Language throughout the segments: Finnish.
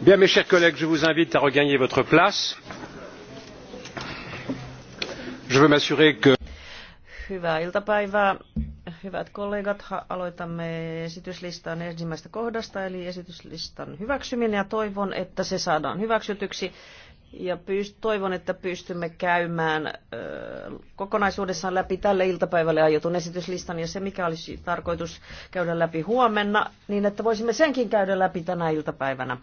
Bien, mes chers collègues, je vous invite à regagner votre place. Je veux m'assurer que... Hyvää iltapäivää. Hyvät kollegat, aloitamme esityslistan ensimmäistä kohdasta, eli esityslistan hyväksyminen, ja toivon, että se saadaan hyväksytyksi ja pyst- toivon, että pystymme käymään ö, kokonaisuudessaan läpi tälle iltapäivälle aiotun esityslistan ja se, mikä olisi tarkoitus käydä läpi huomenna, niin että voisimme senkin käydä läpi tänä iltapäivänä.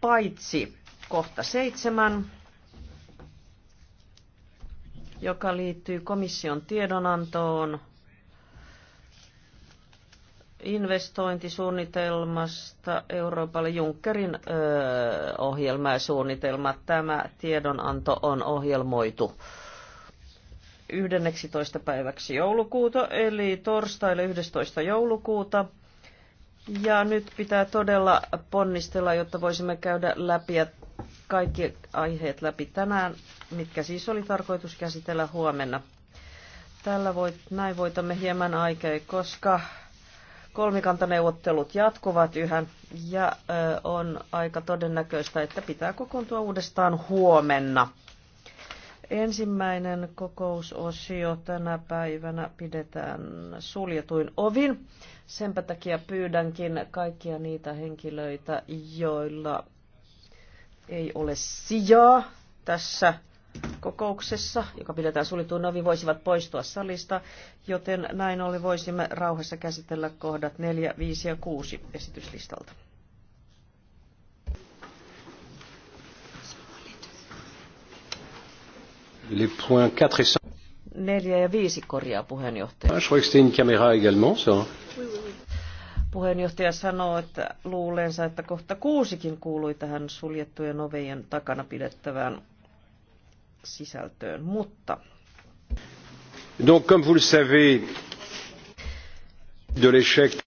Paitsi kohta seitsemän, joka liittyy komission tiedonantoon investointisuunnitelmasta Euroopalle Junckerin öö, ohjelma ja suunnitelma. Tämä tiedonanto on ohjelmoitu 11. päiväksi joulukuuta, eli torstaille 11. joulukuuta. Ja nyt pitää todella ponnistella, jotta voisimme käydä läpi kaikki aiheet läpi tänään, mitkä siis oli tarkoitus käsitellä huomenna. Tällä voit, näin voitamme hieman aikaa, koska Kolmikantaneuvottelut jatkuvat yhä ja on aika todennäköistä, että pitää kokoontua uudestaan huomenna. Ensimmäinen kokousosio tänä päivänä pidetään suljetuin ovin. Sen takia pyydänkin kaikkia niitä henkilöitä, joilla ei ole sijaa tässä kokouksessa, joka pidetään suljetun novi, voisivat poistua salista, joten näin ollen voisimme rauhassa käsitellä kohdat 4, 5 ja 6 esityslistalta. Les points 4 et 5. 4 ja 5 korjaa puheenjohtaja. Ah, je crois que c'était une caméra également, ça. Oui, oui, oui. Puheenjohtaja sanoo, että luuleensa, että kohta kuusikin kuului tähän suljettujen ovejen takana pidettävään sisältöön, mutta... Donc, comme vous le savez, de l'échec